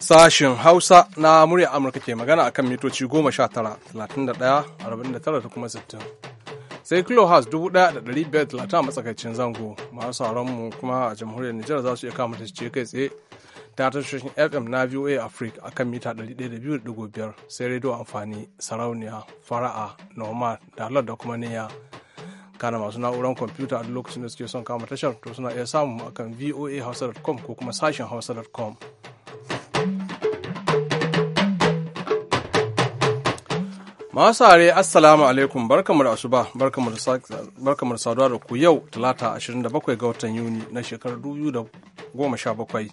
Sashen Hausa na murya Amurka ke magana a kan mitoci 19, 31, 49 da kuma 60. Sai kilohas 1,530 a matsakaicin zango masu sauran mu kuma a jamhuriyar Nijar za su iya kama ce kai tsaye ta tashoshin FM na VOA Africa a kan mita 102.5 sai rediyo amfani sarauniya fara'a normal dalar da kuma niyya. kana masu na'urar kwamfuta a lokacin da suke son kama tashar to suna iya samun akan voahausa.com ko kuma sashen hausa.com Masu are assalamu alaikum barkamu da asuba barkamu da saduwa da ku yau talata 27 ga watan yuni na shekarar 2017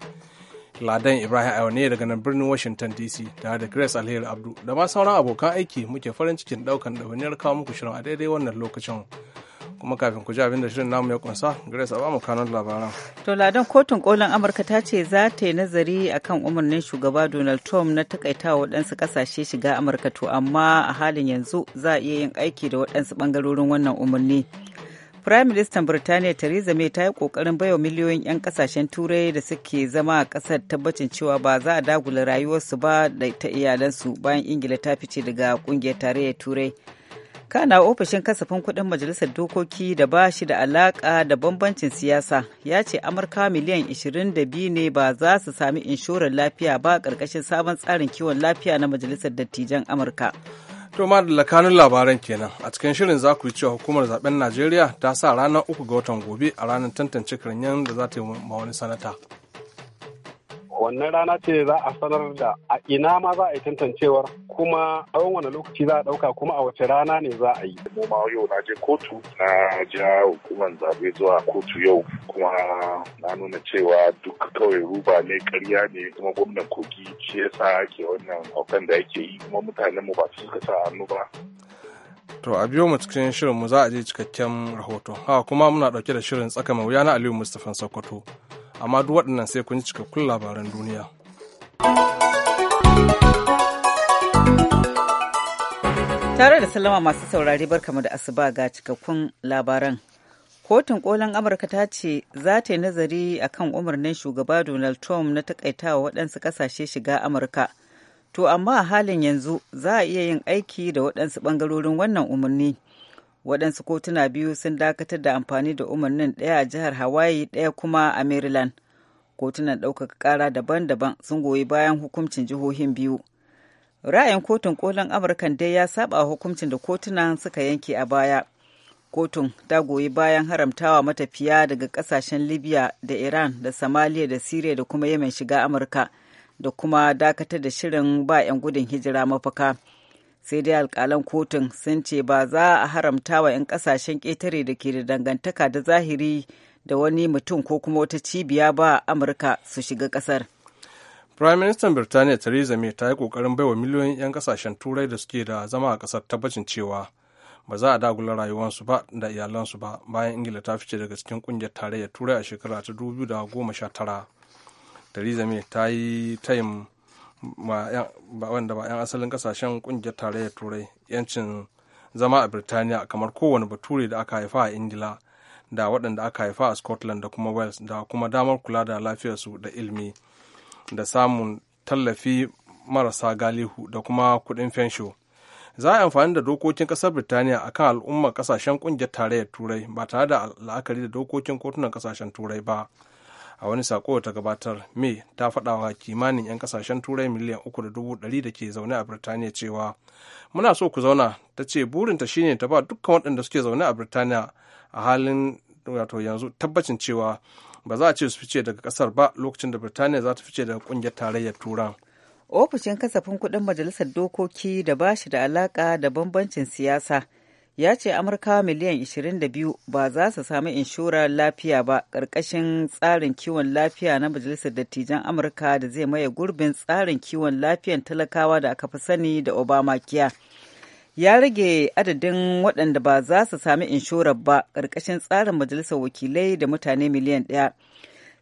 ladan ibrahim ayo ne daga nan birnin washington dc tare da grace alheri abdu da ma sauran abokan aiki muke farin cikin daukan ɗawainiyar kawo muku shirin a daidai wannan lokacin kuma kafin ku ji abin da shirin namu ya kunsa grace abamu kanun labaran to ladan kotun kolin amurka ta ce za ta yi nazari a kan umarnin shugaba donald trump na takaitawa waɗansu ƙasashe shiga amurka to amma a halin yanzu za a iya yin aiki da waɗansu ɓangarorin wannan umarni Firayim Ministan Birtaniya Theresa May ta yi ƙoƙarin baiwa miliyoyin 'yan kasashen Turai da suke zama a ƙasar tabbacin cewa ba za a dagula rayuwarsu ba da ta iyalansu bayan Ingila ta fice daga ƙungiyar tarayyar Turai. kana ofishin kasafin kudin majalisar dokoki da ba shi da alaka da bambancin siyasa ya ce amurka miliyan 22 ne ba za su sami inshorar lafiya ba karkashin sabon tsarin kiwon lafiya na majalisar dattijan amurka to ma da lakanun labaran kenan a cikin shirin za ku yi cewa hukumar zaben najeriya ta sa ranar uku ga watan gobe a ranar tantance kiranyen da za ta yi ma wani sanata wannan rana ce za a sanar da a ina ma za a yi tantancewar kuma tsawon wani lokaci za a ɗauka kuma a wace rana ne za a yi. mu ma yau na je kotu na ja hukumar zaɓe zuwa kotu yau kuma na nuna cewa duk kawai ruba ne ƙarya ne kuma gwamnan kogi shi ya sa ke wannan haukan da ake yi kuma mutanen mu ba su suka sa hannu ba. To a biyo mu cikin shirin mu za a je cikakken rahoto? Ha kuma muna ɗauke da shirin tsaka mai wuya na Aliyu Mustapha Sokoto. amma duk waɗannan sai kun ji cikakkun labaran duniya. Tare da salama masu saurari barkamu da asuba ga cikakkun labaran. Kotun kolin Amurka ta ce za ta yi nazari a kan umarnin shugaba Donald Trump na takaitawa waɗansu ƙasashe shiga Amurka. To amma a halin yanzu za a iya yin aiki da waɗansu ɓangarorin wannan umarni. waɗansu kotuna biyu sun dakatar da amfani da umarnin ɗaya a jihar hawaii ɗaya kuma a maryland kotunan ɗaukaka ƙara daban-daban sun goyi bayan hukuncin jihohin biyu ra'ayin kotun kolin amurkan dai ya saba hukuncin da kotuna suka yanke a baya kotun ta goyi bayan haramtawa matafiya daga ƙasashen libya da iran da somalia da syria da kuma yemen shiga amurka da kuma dakatar da shirin ba 'yan gudun hijira mafaka sai dai alkalan kotun sun ce ba za a haramta wa 'yan kasashen ƙetare da ke da dangantaka da zahiri da wani mutum ko kuma wata cibiya ba amurka su shiga ƙasar prime minister birtaniya theresa may ta yi ƙoƙarin baiwa miliyoyin 'yan kasashen turai da suke da zama a ƙasar tabbacin cewa ba za a dagula rayuwarsu ba da iyalansu ba bayan ingila ta fice daga cikin ƙungiyar tarayyar turai a shekara ta 2019 theresa may ta yi wanda ba 'yan asalin kasashen kungiyar tarayyar turai yancin zama a birtaniya kamar kowane bature da aka haifa a ingila da waɗanda aka haifa a scotland da kuma wales da kuma damar kula da lafiyarsu da ilmi da samun tallafi marasa galihu da kuma kuɗin fensho za a yi amfani da dokokin ƙasar birtaniya kan al'ummar kasashen ƙungiyar tarayyar turai ba tare da la'akari da dokokin kotunan ƙasashen turai ba a wani sako ta gabatar may ta faɗawa kimanin 'yan kasashen turai miliyan uku da dubu ɗari da ke zaune a birtaniya cewa muna so ku zauna ta ce burinta shine ta ba dukkan waɗanda suke zaune a birtaniya a halin wato yanzu tabbacin cewa ba za a ce su fice daga kasar ba lokacin da birtaniya za ta fice daga kungiyar tarayyar turan ofishin kasafin kuɗin majalisar dokoki da ba shi da alaka da bambancin siyasa ya ce amurka miliyan 22 ba za su sami inshorar lafiya ba ƙarƙashin tsarin kiwon lafiya na majalisar dattijan amurka da zai maye gurbin tsarin kiwon lafiyan talakawa da aka fi sani da obamacare ya rage adadin waɗanda ba za su sami inshorar ba ƙarƙashin tsarin majalisar wakilai da mutane miliyan ɗaya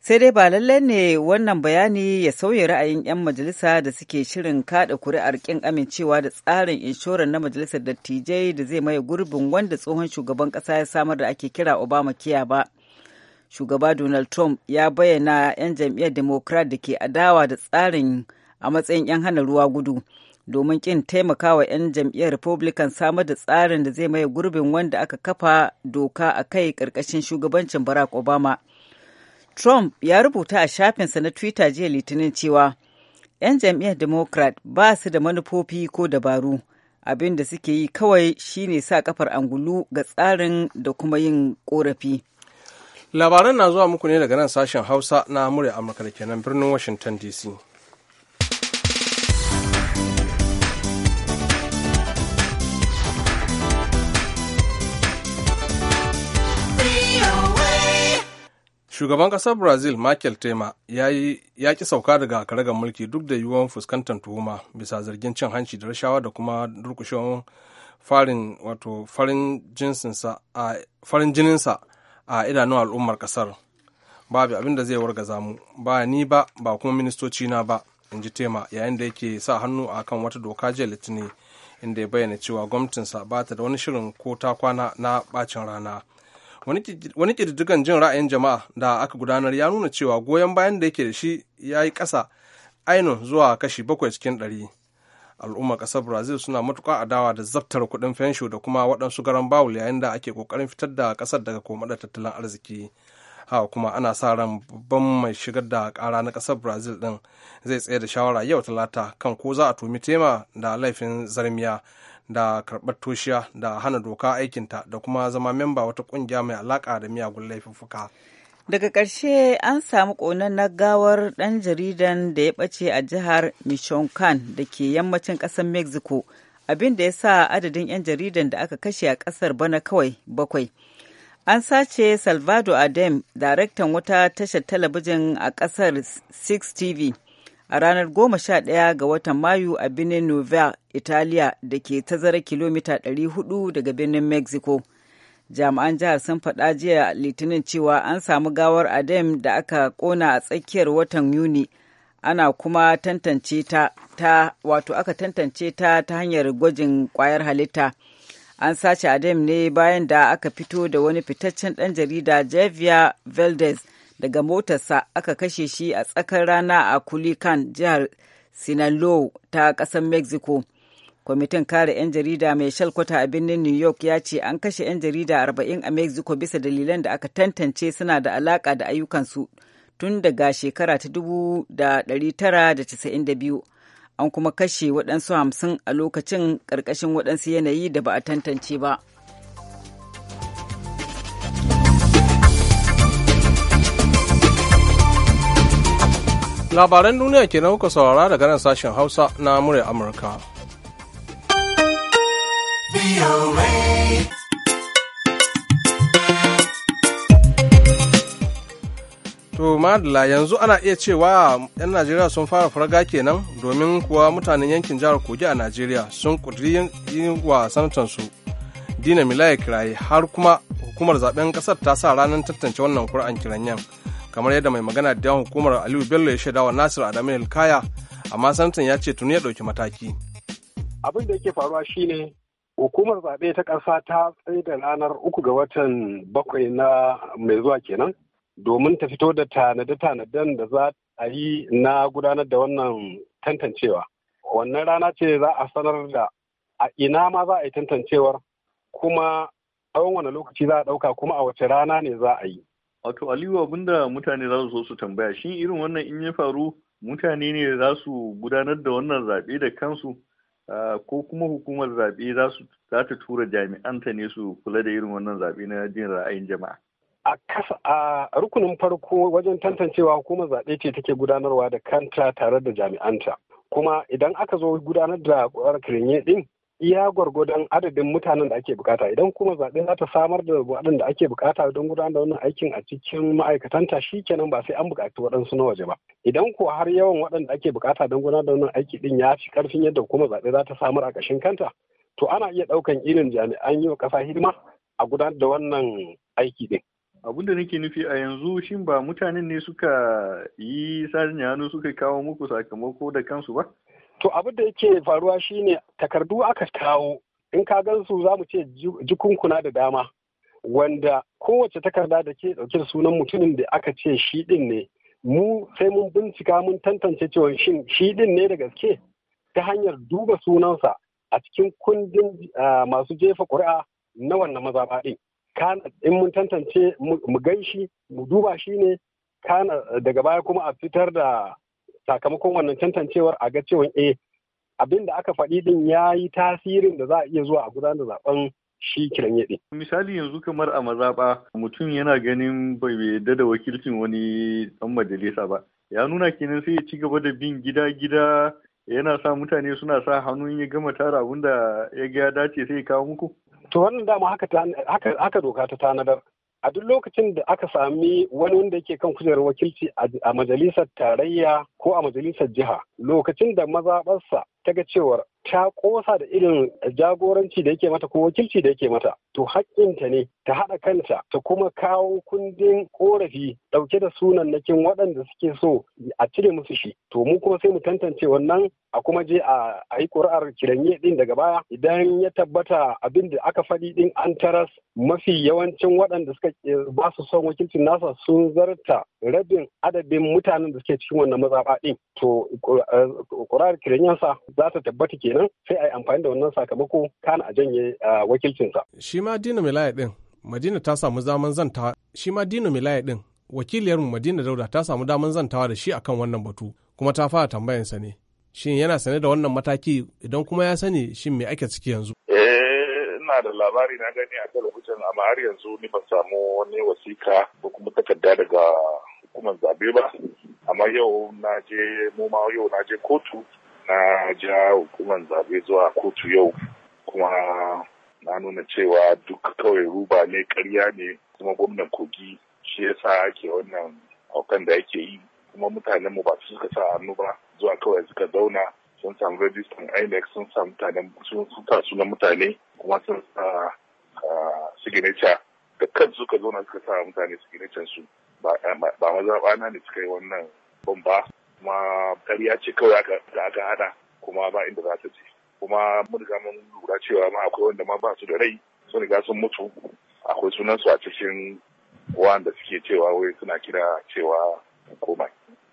sai dai ba lallai ne wannan bayani ya sauya ra'ayin 'yan majalisa da suke shirin kada kuri'ar kin amincewa da tsarin inshorar na majalisar dattijai da zai maye gurbin wanda tsohon shugaban kasa ya samar da ake kira obama kiya ba shugaba donald trump ya bayyana 'yan jam'iyyar democrat da ke adawa da tsarin a matsayin 'yan hana ruwa gudu domin kin taimakawa 'yan jam'iyyar republican samar da tsarin da zai maye gurbin wanda aka kafa doka a kai karkashin shugabancin barack obama Trump ya rubuta a shafinsa na Twitter jiya Litinin cewa 'yan jam'iyyar Democrat ba su da manufofi ko dabaru. Abin da suke yi kawai shine sa kafar angulu ga tsarin da kuma yin korafi. Labaran na zuwa muku ne daga nan sashen Hausa na murya Amurka da kenan birnin Washington DC. shugaban ƙasar brazil michael tema ya ki sauka daga karagar mulki duk da yiwuwar fuskantar tuhuma bisa zargin cin hanci da rashawa da kuma durkushewar farin wato farin farin jininsa a idanun al'ummar ƙasar babu abin da zai warga zamu ba ni ba ba kuma ministoci na ba in ji tema yayin da yake sa hannu a kan wata doka jiya litinin inda ya bayyana cewa gwamnatinsa ba ta da wani shirin ko ta kwana na bacin rana wani ƙididdigan jin ra'ayin jama'a da aka gudanar ya nuna cewa goyon bayan da yake da shi ya yi ƙasa ainun zuwa kashi bakwai cikin ɗari al'ummar ƙasar brazil suna matuƙa adawa da zaftar kuɗin fensho da kuma waɗansu garan bawul yayin da ake ƙoƙarin fitar da ƙasar daga da tattalin arziki hawa kuma ana sa ran babban mai shigar da ƙara na ƙasar brazil ɗin zai tsaye da shawara yau talata kan ko za a tumi tema da laifin zarmiya da karɓar toshiya da hana doka aikinta da kuma zama memba wata ƙungiya mai alaƙa da miyagun laifuffuka. Daga ƙarshe an samu ƙonan na gawar ɗan jaridan da ya ɓace a jihar michoacan da ke yammacin ƙasar Mexico, abin da ya sa adadin 'yan jaridan da aka kashe a ƙasar bana kawai bakwai. An sace Salvador Adem, daraktan wata tashar talabijin a ƙasar 6 TV. a ranar 11 ga watan Mayu a birnin Nouvelle italiya da ke tazara kilomita 400 daga birnin Mexico. Jami'an jihar sun faɗa jiya Litinin cewa an samu gawar Adem da aka ƙona a tsakiyar watan Yuni. Ana kuma tantance ta, ta wato aka tantance ta ta hanyar gwajin kwayar halitta. An sace Adem ne bayan da aka fito da wani fitaccen ɗan jarida Javier Valdez. daga motarsa aka kashe shi a tsakar rana a kulikan jihar Sinaloa ta ƙasar Mexico. Kwamitin kare 'yan jarida mai shalkwata a birnin New York ya ce an kashe 'yan jarida 40 a Mexico bisa dalilan da aka tantance suna da alaƙa da ayyukansu tun daga shekara ta 1992. An kuma kashe waɗansu 50 a lokacin ƙarƙashin waɗansu yanayi da ba a tantance ba. labaran duniya ke nauka kuka saurara daga nan sashen hausa na murya amurka To madala yanzu ana iya cewa 'yan Najeriya sun fara farga kenan domin kuwa mutanen yankin jihar Kogi a Najeriya sun ƙudiri yin wa sanatansu Dina Milaya kiraye har kuma hukumar zaben kasar ta sa ranar tattance wannan kur'an yankin kamar yadda mai magana da yawan hukumar aliyu bello ya shaidawa nasir adamu kaya amma sanatan ya ce tuni ya dauki mataki abin da yake faruwa shine hukumar zaɓe ta kasa ta tsaye da ranar uku ga watan bakwai na mai zuwa kenan domin ta fito da tanade-tanaden da za a yi na gudanar da wannan tantancewa wannan rana ce za a sanar da a ina ma za a yi tantancewar kuma tsawon wani lokaci za a ɗauka kuma a wace rana ne za a yi wato aliyu abinda mutane za su so su tambaya shin irin wannan in ya faru mutane ne za su gudanar da wannan zaɓe da kansu ko kuma hukumar zaɓe za ta tura jami'anta ne su kula da irin wannan zaɓe na jin ra'ayin jama'a a kasa a rukunin farko wajen tantancewa hukumar zaɓe ce take gudanarwa da kanta tare da jami'anta kuma idan aka zo gudanar da ƙwarar kiranye din iya gwargwadon adadin mutanen da ake bukata idan kuma zaɓe za ta samar da waɗanda ake bukata don gudanar da wannan aikin a cikin ma'aikatanta shi kenan ba sai an bukaci waɗansu na waje ba idan ko har yawan waɗanda ake bukata don gudanar da wannan aiki din ya fi ƙarfin yadda kuma zaɓe za ta samar a ƙashin kanta to ana iya ɗaukan irin jami'an yi wa ƙasa hidima a gudanar da wannan aiki din abin da nake nufi a yanzu shin ba mutanen ne suka yi sajin hannu suka kawo muku sakamako da kansu ba to abin da yake faruwa shine takardu aka kawo in ka gan su za mu ce jikunkuna da dama wanda kowace takarda da ke dauke da sunan mutumin da aka ce shi din ne mu sai mun bincika mun tantance cewa shin shi din ne da gaske ta hanyar duba sunansa a cikin kundin masu jefa ƙuri'a na wannan mazaɓa ɗin kana in mun tantance mu gan shi mu duba shi ne kana daga baya kuma a fitar da sakamakon wannan tantancewar a ga cewa eh abin da aka faɗi din ya yi tasirin da za a iya zuwa a gudanar zaben shi kiran yaɗe. Misali yanzu kamar a mazaɓa mutum yana ganin bai yarda da wakilcin wani ɗan majalisa ba. Ya nuna kenan sai ya ci gaba da bin gida-gida yana sa mutane suna sa hannun ya gama tara abin da ya ga ya dace sai ya kawo muku. To wannan dama haka, doka ta tanadar a duk lokacin da aka sami wani wanda yake kan kujerar wakilci a majalisar tarayya ko a majalisar jiha lokacin da mazaɓarsa ta ga cewar ta kosa da irin jagoranci da yake mata ko wakilci da yake mata to haƙƙinta ne ta haɗa kanta ta kuma kawo kundin korafi ɗauke da sunannakin waɗanda suke so a cire musu shi to mu kuma sai mu tantance wannan a kuma je a yi ƙuri'ar kiranye ɗin daga baya idan ya tabbata abin da aka faɗi ɗin an taras mafi yawancin waɗanda suka eh, ba su son wakilcin nasa sun zarta rabin adadin mutanen da suke cikin wannan mazaɓa ɗin to eh, ƙuri'ar kiranyensa za ta tabbata kenan kenan sai a yi amfani da wannan sakamako kana a janye wakilcinsa. Shi ma Dino Milaya din Madina ta samu zaman zanta shi ma Dino Milaya din wakiliyarmu Madina Dauda ta samu daman zantawa da shi akan wannan batu kuma ta fara tambayansa ne. Shin yana sane da wannan mataki idan kuma ya sani shin me ake ciki yanzu? Eh, ina da labari na gani a talabijin amma har yanzu ni ban samu wani wasika ko kuma takarda daga hukumar zabe ba amma yau na je mu ma yau na je kotu na ja hukumar zabe zuwa kotu yau kuma na nuna cewa duk kawai ruba ne karya ne kuma gwamnan kogi shi ya sa ake wannan haukan da ake yi kuma mutanen mu ba su suka sa hannu ba zuwa kawai suka zauna sun samu rajistan inec sun samu mutanen sun sa suna mutane kuma sun sa signature da kan suka zauna suka sa mutane signature su ba na ne suka yi wannan ban ba kuma ƙarya ce kawai da aka hada kuma ba inda za ta ce kuma mun riga mun lura cewa ma akwai wanda ma ba su da rai sun riga sun mutu akwai sunansu a cikin wanda suke cewa wai suna kira cewa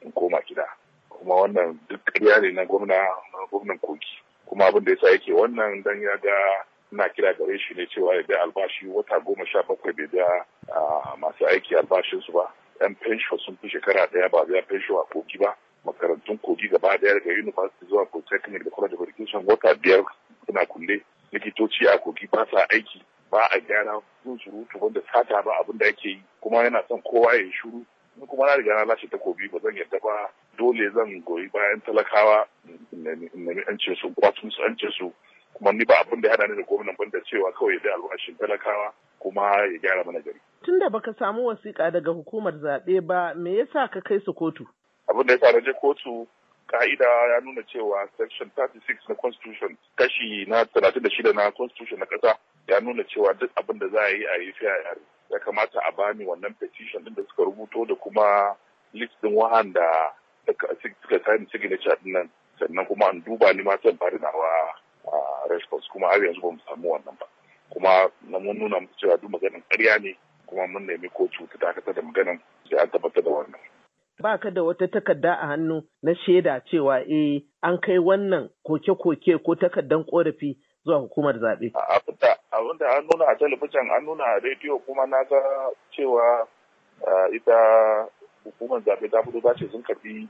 in koma gida kuma wannan duk ƙarya ne na gwamna gwamnan kogi kuma abin da yasa yake wannan dan ya ga ina kira gare shi ne cewa ya biya albashi wata goma sha bakwai bai biya ah, masu aiki albashinsu ba yan fensho sun fi shekara ɗaya ba biya fensho a kogi ba makarantun kogi gaba daya daga university zuwa polytechnic da college of education wata biyar suna kulle likitoci a kogi ba sa aiki ba a gyara sun surutu wanda sata ba abin da ake yi kuma yana son kowa ya shuru in kuma na riga na lashe kogi ba zan yarda ba dole zan goyi bayan talakawa nemi yancin su kwatun su yancin su kuma ni ba abin da ya dana ni da gwamnan ban da cewa kawai ya da albashin talakawa kuma ya gyara mana gari. Tun da baka samu wasiƙa daga hukumar zaɓe ba, me yasa ka kai su kotu? abin da ya faru je kotu ka'ida ya nuna cewa section 36 na constitution kashi na 36 na constitution na kasa ya nuna cewa duk abin da za a yi a yi fiya ya kamata a bani wannan petition din da suka rubuto da kuma list din da suka sani signature din nan sannan kuma an duba ni ma zan bari wa response kuma har yanzu ba mu samu wannan ba kuma na mun nuna musu cewa duk maganin karya ne kuma mun nemi kotu ta dakatar da maganin sai an tabbatar da wannan Ba ka da wata takarda a hannu na shaida cewa eh an kai wannan koke-koke ko takardan korafi zuwa hukumar zaɓe. Abin da an nuna a talabijin an nuna a rediyo kuma na ga cewa ita hukumar zaɓe ta fito ce sun karɓi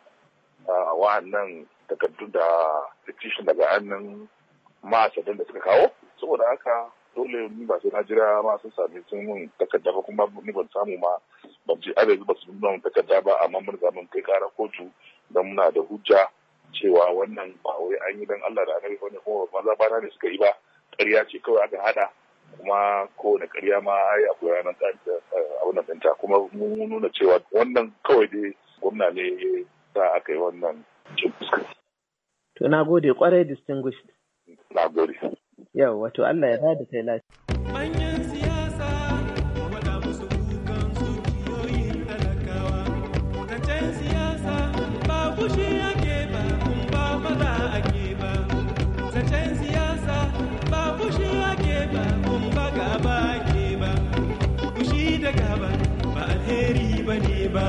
wa'annan takardun da petition daga hannun ma'asadin da suka kawo saboda haka dole ba sai na jira ma sun sami sun takardar kuma ni ban samu ma Ban mu ce yanzu ba su nuna mun takarda ba amma mun zamu kai kara kotu don muna da hujja cewa wannan ba wai an yi dan Allah da annabi ne, kuma ba za bana ne suka yi ba ƙarya ce kawai aka hada kuma kowane ƙarya ma ai akwai ranar abin ɗinta kuma mun nuna cewa wannan kawai dai gwamna ne sa aka yi wannan cin To na gode kwarai distinguished. Na gode. Yau wato Allah ya bada kai lafiya. bane ba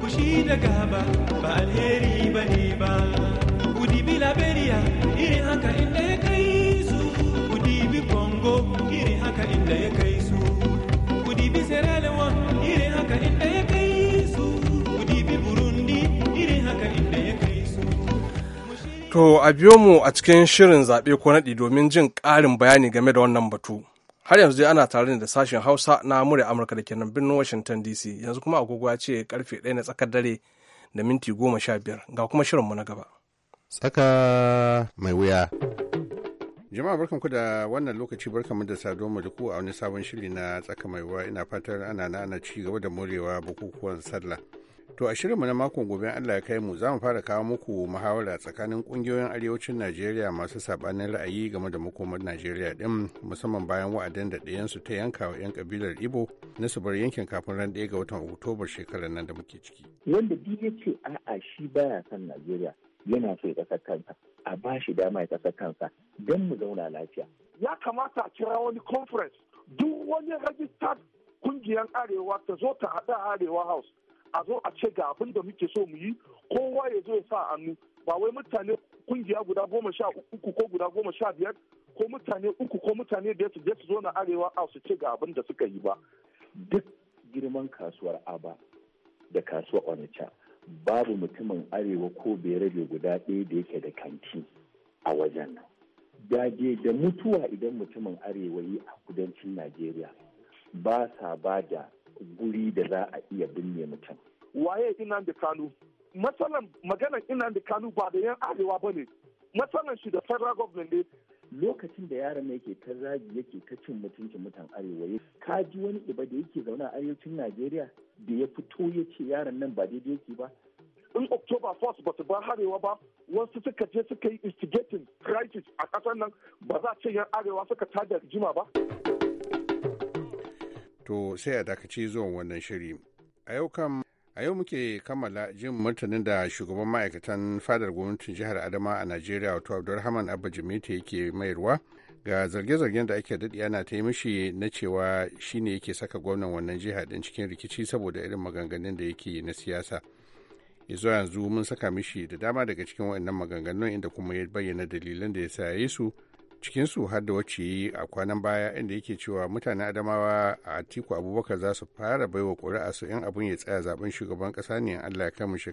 kushi da gaba ba alheri bane ba kudi bi laberiya irin haka inda ya kai su kudi bi congo irin haka inda ya kai su kudi bi sierra leone irin haka inda ya kai su kudi bi burundi irin haka inda ya kai To a biyo mu a cikin shirin zaɓe ko naɗi domin jin ƙarin bayani game da wannan batu. har yanzu dai ana tare da sashen hausa na murya amurka da kenan birnin washington dc yanzu kuma agogo ya ce karfe 1 na tsakar dare da minti goma sha biyar ga kuma shirinmu na gaba tsaka mai wuya jama'a ku da wannan lokaci mu da sado maliku a wani sabon shiri na tsaka mai wuya ina fatar ana na ana ci gaba da morewa bukukuwan sallah To a shirinmu na makon gobe Allah ya kai mu za mu fara kawo muku muhawara tsakanin kungiyoyin arewacin Najeriya masu sabanin ra'ayi game da makomar Najeriya din musamman bayan wa'adin da ɗayan su ta yanka wa 'yan kabilar Ibo na su bar yankin kafin ran ɗaya ga watan Oktobar shekarar nan da muke ciki. Wanda bi ya ce a'a shi baya son Najeriya yana so ya kasar kansa a ba shi dama ya kasar kansa don mu zauna lafiya. Ya kamata a kira wani conference duk wani rajistar kungiyar arewa ta zo ta haɗa arewa house a zo a ce ga abin da muke so mu yi kowa ya zo ya sa hannu ba wai mutane kungiya guda goma sha uku ko guda goma sha biyar ko mutane uku ko mutane da su je su zo na arewa a su ce ga abin da suka yi ba duk girman kasuwar aba da kasuwar onitsha babu mutumin arewa ko rage guda ɗaya da yake da kanti a wajen nan dage da mutuwa idan mutumin arewa yi a kudancin najeriya ba sa ba da guri da za a iya binne mutum. Waye da Kanu? Matsalan maganar da Kanu ba da yan arewa ba ne. Matsalan shi da federal government ne. Lokacin da yaran na yake ta zagi yake ta cin mutuncin mutan arewa ka ji wani iba da yake zauna a arewacin Najeriya da ya fito ya ce yaran nan ba daidai yake ba. In October 1st ba su bar harewa ba, wasu suka je suka yi instigating crisis a ƙasar nan ba za a ce yan arewa suka tada jima ba. to sai a dakace zuwan wannan shiri. A yau kam a yau muke kammala jin martanin da shugaban ma'aikatan fadar gwamnatin jihar Adama a Najeriya wato Abdulrahman Abba Jimita yake mayarwa ga zarge-zargen da ake daɗi ana ta yi mishi na cewa shine yake saka gwamnan wannan jiha din cikin rikici saboda irin maganganun da yake na siyasa. zuwa yanzu mun saka mishi da dama daga cikin waɗannan maganganun inda kuma ya bayyana dalilan da ya sa su cikinsu har da wacce yi a kwanan baya inda yake cewa mutane adamawa a tiku abubakar za su fara baiwa ƙuri'a su 'yan abin ya tsaya zaben shugaban ƙasa ne allah ya kama sha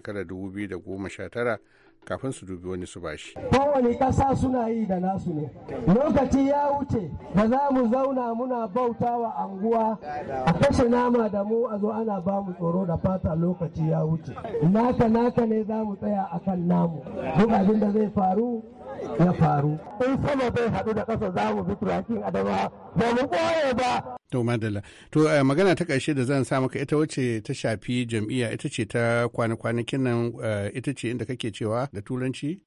tara kafin su dubi wani su bashi. Kowane ƙasa suna yi da nasu ne. Lokaci ya wuce ba za mu zauna muna bauta wa anguwa a kashe nama da mu a zo ana ba mu tsoro da fata lokaci ya wuce. Naka naka ne za mu tsaya a kan namu. Duk abin da zai faru ya faru in sama bai haɗu da ƙasa za mu bi turakin adama ba mu ɓoye ba To madalla. To eh, magana ta ƙarshe da zan sa maka ita wacce ta shafi jam'iyya ita ce ta kwana-kwanakin nan eh, ita ce inda kake cewa da turanci?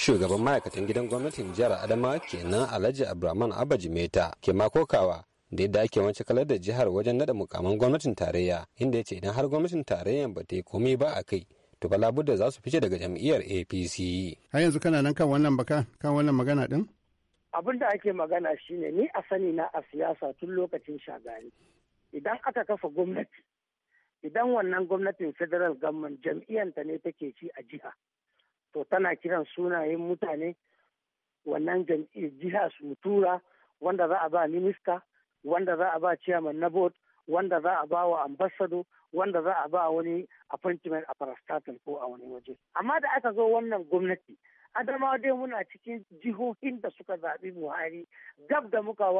Shugaban ma'aikatan gidan gwamnatin jihar Adama kenan Alhaji Abraman Abaji Meta ke makokawa da yadda ake kalar da jihar wajen nada mukaman gwamnatin tarayya inda ya ce idan har gwamnatin tarayyan ba ta yi komai ba a kai to fa labudda za su fice daga jam'iyyar apc a yanzu kana nan kan wannan baka kan wannan magana din abin da ake magana shine ni a sani na a siyasa tun lokacin shagari idan aka kafa gwamnati idan wannan gwamnatin federal government jam'iyyanta ne take ci a jiha to tana kiran sunayen mutane wannan jiha su tura wanda za a ba minista wanda za a ba chairman na board wanda za a ba wa ambassado wanda za a ba wani appointment a parastatal ko a wani waje amma da aka zo wannan gwamnati adamawa dai muna cikin jihohin da suka zaɓi buhari gab da muka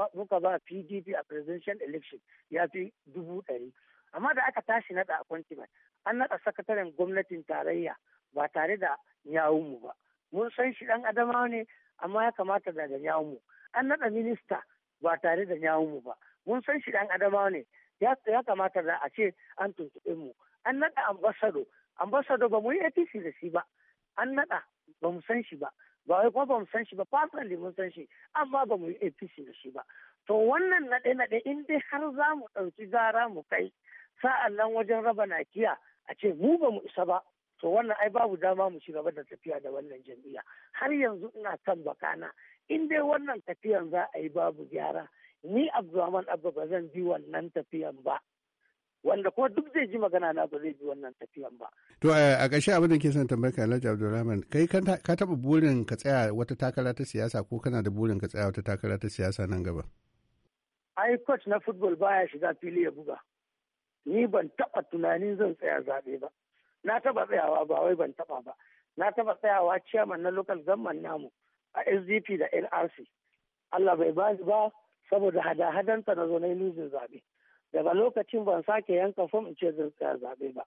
ba pdp a presidential election ya fi dubu ɗari amma da aka tashi naɗa appointment an naɗa sakataren gwamnatin tarayya ba tare da yawunmu ba mun san shi ɗan adamawa ne amma ya kamata daga yawunmu an naɗa minista ba tare da nyawun mu ba mun san shi dan adamawa ne ya kamata da a ce an tuntuɓe mu an naɗa ambasado ambasado ba mu yi APC da shi ba an naɗa ba mu san shi ba ba wai kuma ba mu san shi ba personally mun san shi amma ba mu yi APC da shi ba to wannan naɗe naɗe in dai har za mu ɗauki gara mu kai sa'an nan wajen raba nakiya a ce mu ba mu isa ba to wannan ai babu dama mu ci gaba da tafiya da wannan jam'iyya har yanzu ina kan bakana in dai wannan tafiyan za a yi babu gyara ni abdulrahman abba ba zan ji wannan tafiyan ba wanda kuma duk zai ji magana na ba zai bi wannan tafiyan ba. To eh, a ƙarshe abin da ke son tambayar ka Alhaji Abdulrahman kai ka taɓa burin ka tsaya wata takara ta siyasa ko kana da burin ka tsaya wata takara ta siyasa nan gaba? Ai coach na football baya shiga fili ya buga. Ni ban taɓa tunanin zan tsaya zaɓe ba. Na taɓa tsayawa ba wai ban taɓa ba. Na taɓa tsayawa ciyaman na local government namu. a sdp da nrc allah bai bani ba saboda hada-hadanta na zonai luzin zaɓe daga lokacin ban sake yanka fom in ce zan tsaya zaɓe ba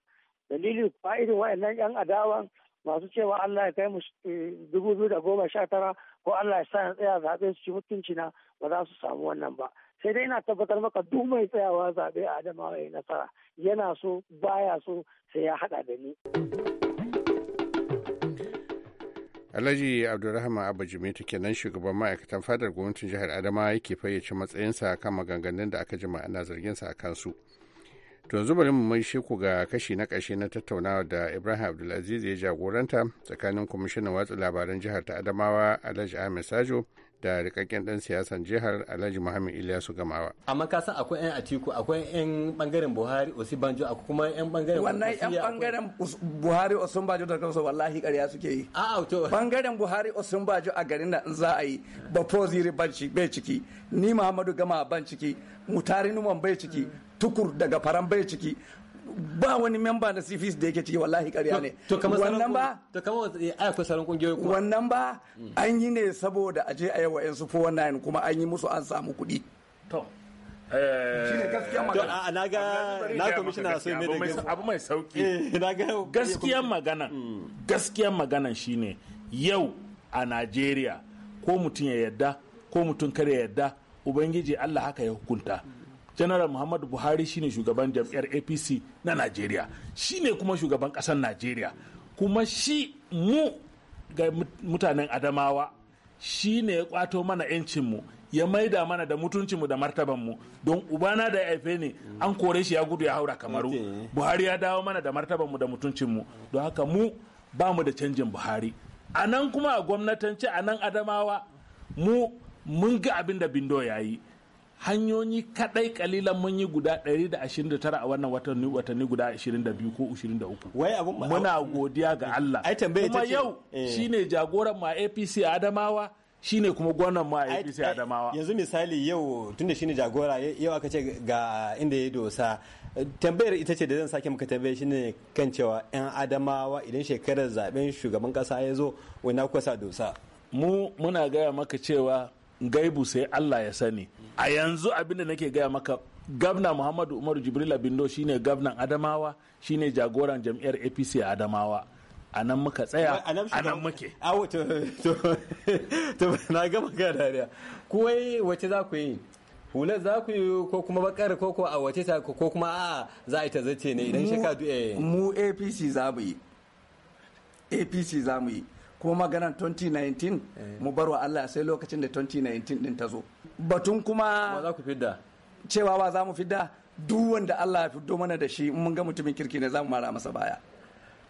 dalilin fa'idin irin wa'annan yan adawan masu cewa allah ya kai mu eh, dubu biyu da goma sha tara ko allah ya sa in tsaya zaɓe su ci mutunci na ba za su samu wannan ba sai dai ina tabbatar maka duk mai tsayawa zaɓe a adamawa ya nasara yana so baya so sai ya haɗa da ni. Alhaji Abdulrahman Abba Jimita kenan shugaban ma'aikatan fadar gwamnatin jihar Adama yake fayyace matsayinsa kan maganganun da aka jima ana zargin sa kan su. To yanzu bari mu maishe ku ga kashi na ƙarshe na tattaunawa da Ibrahim Abdulaziz ya jagoranta tsakanin kwamishinan watsa labaran jihar ta Adamawa Alhaji Ahmed Sajo da rikakken dan siyasan jihar Alhaji Muhammad Ilyasu Gamawa. Amma ka san akwai 'yan Atiku, akwai 'yan bangaren Buhari Osibanjo, akwai kuma 'yan bangaren Wannan 'yan bangaren Buhari Osibanjo da kansu wallahi ƙarya suke yi. A'a to. Bangaren Buhari Osibanjo a garin da za a yi ba banci bai ciki, ni Muhammadu Gama ban ciki, Mutari Numan bai ciki, Tukur daga Faran bai ciki, ba wani memba na cfis da yake ciki wallahi karya ne wannan ba to kamar eh, akwai sauran kungiyoyi kuma wannan ba an yi ne saboda a je a yi wa yan su 419 kuma an yi musu an samu kuɗi to eh, na ga na sauki eh, magana hmm. gaskiyar magana shine yau a najeriya ko mutum ya yadda ko mutum kare yadda ubangiji allah haka ya hukunta general muhammadu buhari shine shugaban jam'iyyar apc na najeriya shine kuma shugaban kasar najeriya kuma shi mu ga mutanen adamawa shi ne ya kwato mana mu ya maida mana da mutuncin mu da mu don ubana da ya haife ne an kore shi ya gudu ya haura kamaru buhari ya dawo mana da mu da mutuncinmu don haka mu ba mu da canjin buhari a nan kuma a gwamnatance a nan adamawa mu mun ga abin da bindo ya yi hanyoyi kadai kalilan mun yi guda 129 a wannan watanni watanni guda 22 ko 23 wai abun muna godiya ga Allah ai tambaye ta ce yau eh. shine jagoran ma APC Adamawa shine kuma gwamnan ma APC Adamawa yanzu misali yau tunda shine jagora yau aka ce ga inda ya dosa tambayar ita ce da zan sake muka tambaye shine kan cewa yan Adamawa idan shekarar zaben shugaban kasa ya zo wani kusa dosa mu muna gaya maka cewa gaibu sai Allah ya sani a yanzu abin da nake gaya maka gabna muhammadu umaru jibrila bindo shine gabnan adamawa shine jagoran jam'iyyar apc a adamawa a nan muka tsaya a nan muke to na gama ga dariya kuwai wace za ku yi hular za ku yi ko kuma bakar ko ko a wace ta ko kuma a za a yi ta zace ne idan shekadu mu eh. apc za mu yi apc za mu yi kuma maganar 2019 mu bar wa Allah sai lokacin da 2019 din ta zo batun kuma za ku fidda cewa ba za mu fidda duk wanda Allah ya fiddo mana da shi mun ga mutumin kirki ne za mu mara masa baya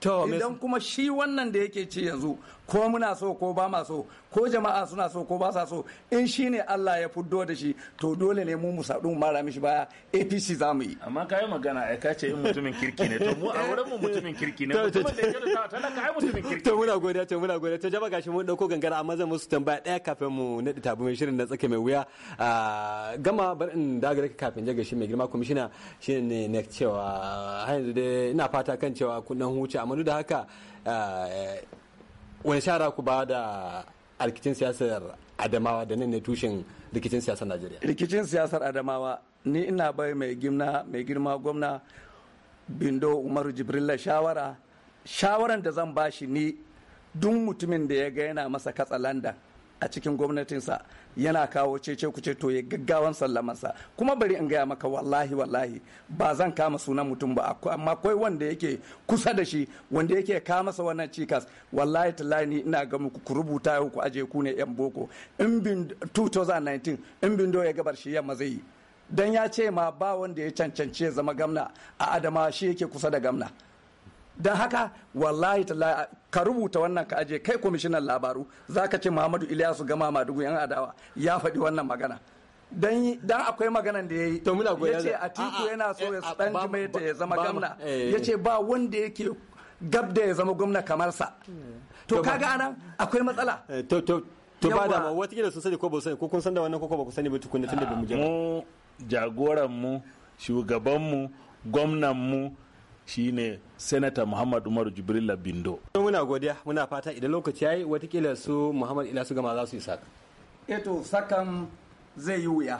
idan kuma shi wannan da yake ce yanzu ko muna so ko ba ma so ko jama'a suna so ko ba sa so in shine Allah ya fuddo da shi to dole ne mu mu sadu mu mara mishi baya APC za mu yi amma kai magana ai ka ce in mutumin kirki ne to mu a wurin mu mutumin kirki ne mutumin da yake talaka ai mutumin kirki to muna godiya to muna godiya to jaba gashi mun dauko gangara amma zan musu tambaya ɗaya kafin mu nadi tabu mai shirin na tsaka mai wuya gama bar in daga kafin jaga shi mai girma kwamishina shine ne cewa har yanzu dai ina fata kan cewa kun dan huce amma duk da haka wani shara ku ba da a rikicin siyasar adamawa da nan ne tushen rikicin siyasar najeriya rikicin siyasar adamawa ni ina bai mai gimna mai girma gwamna bindo umaru jibrila shawara shawaran da zan bashi ni duk mutumin da ya ga yana masa landan a cikin gwamnatinsa yana kawo cece kuce to ya gaggawan sallamansa kuma bari in gaya maka wallahi wallahi ba zan kama sunan mutum ba amma akwai wanda yake kusa da shi wanda yake kama masa wannan cikas wallahi tallahi ni ina ga muku ku rubuta ku aje ku ne yan boko in bin 2019 in bin do ya gabar shi yamma zai yi dan ya ce ma ba wanda ya cancance zama gamna a adama shi yake kusa da gamna dan haka wallahi tallahi ka rubuta wannan ka aje kai kwamishinan labaru Za ka ce Muhammadu Ilyasu gama Madugu yan adawa ya faɗi wannan magana dan dan akwai maganan da yayi Ya ce a yace Atiku yana so ya dan eh, ta ya zama gwamna eh. ce ba wanda yake gab da ya zama gwamna kamar sa to kaga anan akwai matsala eh, to to to ba da watakila sun sani ko ba sani ko kun san da wannan ko ba ku sani ba tukunna tunda ba mu mu jagoran mu shugaban mu gwamnan mu shine senator muhammad umaru Labindo. bindo muna godiya muna fata idan lokaci yayi watakila su muhammad ila su gama za su yi saka eto eh sakan zai yi wuya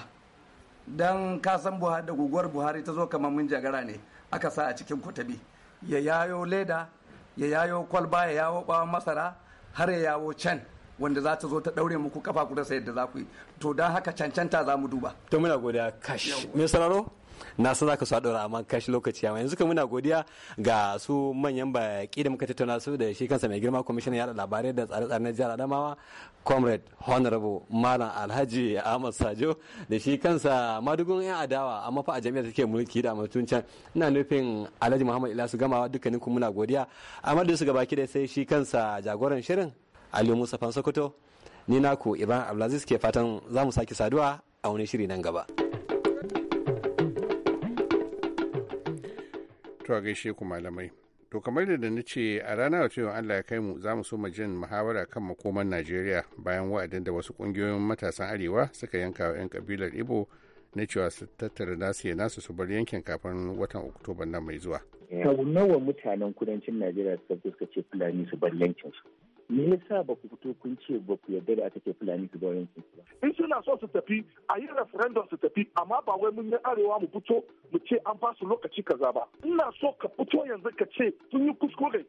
don kasan buhari da guguwar buhari ta zo kamar mun jagara ne aka sa a cikin kutabi ya yayo leda ya yayo kwalba ya yawo bawon masara har ya yawo can wanda za ta zo ta daure muku kafa ku rasa yadda za ku yi to don haka cancanta za mu duba to muna godiya kash mai sararo na san zaka su haɗura amma kashi lokaci amma yanzu kuma muna godiya ga su manyan baƙi da muka tattauna su da shi kansa mai girma kwamishinan yada labarai da tsare-tsare na jihar Adamawa comrade honorable malam alhaji ahmad sajo da shi kansa madugun yan adawa amma fa a jami'ar take mulki da amatun can ina nufin alhaji muhammad ilasu gamawa dukkanin ku muna godiya amma da su gabaki da sai shi kansa jagoran shirin aliyu musa sokoto ni naku ibrahim abdulaziz ke fatan za mu sake saduwa a wani shiri nan gaba. To gaishe ku malamai. To kamar da na ce a ranar cewa Allah ya kai mu za mu so mu jin muhawara kan makoman Najeriya bayan wa'adin da wasu kungiyoyin matasan Arewa suka yanka wa 'yan kabilar Ibo na cewa su tattara nasu ya nasu su bar yankin kafin watan Oktoba nan mai zuwa. Sau nawa mutanen kudancin Najeriya suka ce Fulani su bar yankinsu. me yasa ba ku fito kun ce ba ku yarda da aka ce fulani su bayan su in suna so su tafi a yi referendum su tafi amma ba wai mun arewa mu fito mu ce an ba su lokaci kaza ba ina so ka fito yanzu ka ce sun yi kuskure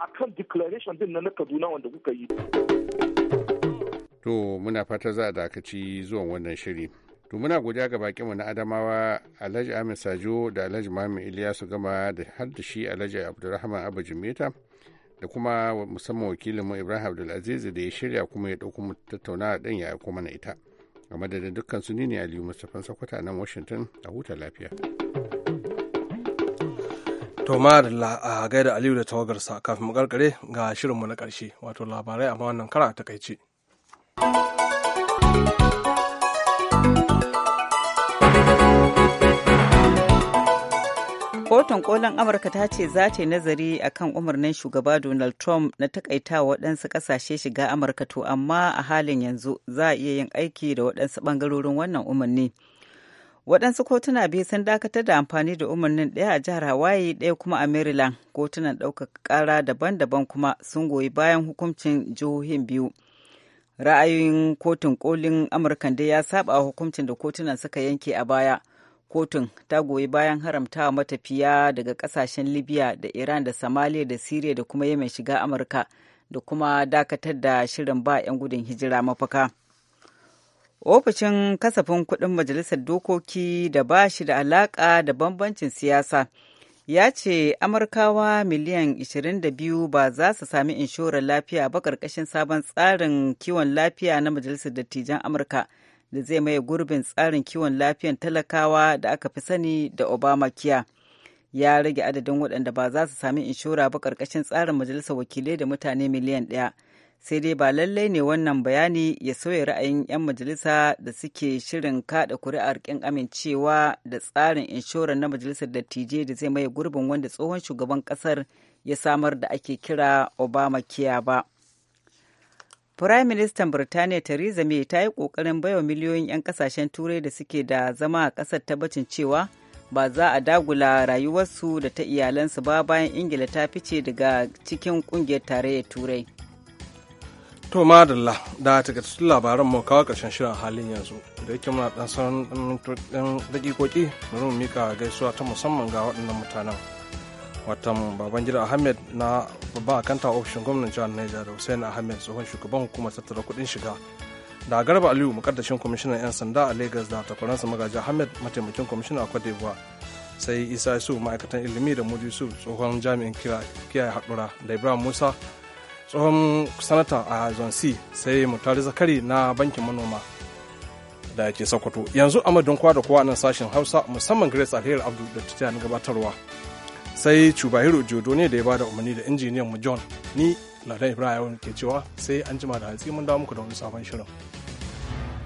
akan declaration din na Kaduna wanda kuka yi to muna fata za a dakaci zuwan wannan shiri to muna godiya ga mu na adamawa alhaji ahmed sajo da alhaji iliya iliyasu gama da har da shi alhaji abdulrahman abu jimeta da kuma musamman wakilinmu ibrahim abdulaziz da ya shirya kuma ya ɗauko mu tattauna ɗin ya aiko mana ita a madadin dukkan su ne aliyu mustapha sakwata nan washington a huta lafiya to ma da gaida aliyu da tawagarsa kafin mu karkare ga shirinmu na karshe wato labarai amma wannan kara a takaice. kotun kolin amurka ta ce za ta yi nazari akan umarnin shugaba donald trump na takaitawa waɗansu ƙasashe shiga amurka to amma a halin yanzu za a iya yin aiki da waɗansu ɓangarorin wannan umarni waɗansu kotuna biyu sun dakatar da amfani da umarnin ɗaya a jihar hawaii ɗaya kuma a maryland kotunan ɗaukar ƙara daban-daban kuma sun goyi bayan hukuncin jihohin biyu ra'ayoyin kotun kolin amurka dai ya saba hukuncin da kotunan suka yanke a baya kotun ta goyi bayan haramtawa matafiya daga kasashen libya da iran da somalia da syria da kuma yemen shiga amurka da kuma dakatar da shirin ba 'yan gudun hijira mafaka ofishin kasafin kuɗin majalisar dokoki da ba shi da alaƙa da bambancin siyasa ya ce amurkawa miliyan 22 ba za su sami inshorar lafiya ba ƙarƙashin sabon tsarin kiwon lafiya na majalisar dattijan amurka da zai maye gurbin tsarin kiwon lafiyan talakawa da aka fi sani da obamacare ya rage adadin waɗanda ba za su sami inshora ba ƙarƙashin tsarin majalisar wakilai da mutane miliyan ɗaya sai dai ba lallai ne wannan bayani ya sauya ra'ayin 'yan majalisa da suke shirin kaɗa kuri'ar ƙin amincewa da tsarin inshora na majalisar dattijai da zai maye gurbin wanda tsohon shugaban ƙasar ya samar da ake kira obamacare ba. firaministan minister Birtaniya Theresa May ta yi ƙoƙarin baiwa miliyoyin 'yan ƙasashen Turai da suke da zama a ƙasar tabbacin cewa ba za a dagula rayuwarsu da ta iyalansu ba bayan Ingila ta fice daga cikin ƙungiyar tarayyar Turai. To madalla da takaitattun labaran mu kawo ƙarshen shirin halin yanzu da yake muna ɗan sauran ɗan dakikoki bari mu mika gaisuwa ta musamman ga waɗannan mutanen. watan babangida ahmed na babban kanta ofishin gwamnan jihar niger da hussein ahmed tsohon shugaban hukumar tattara kudin shiga da garba aliyu mukaddashin kwamishinan 'yan sanda a lagos da takwaransa magaji ahmed mataimakin kwamishinan a cote sai isa su ma'aikatan ilimi da mudi su tsohon jami'in kiyaye haɗura da ibrahim musa tsohon sanata a zonsi sai mutari zakari na bankin manoma da ke sokoto yanzu amadun kwa da kowa nan sashen hausa musamman grace alheri abdul da ta gabatarwa sai Chubahiro Jodo ne da ya bada umarni da injiniyan mu John ni Ladan Ibrahim ke cewa sai an jima da hantsi mun dawo muku da wani sabon shirin.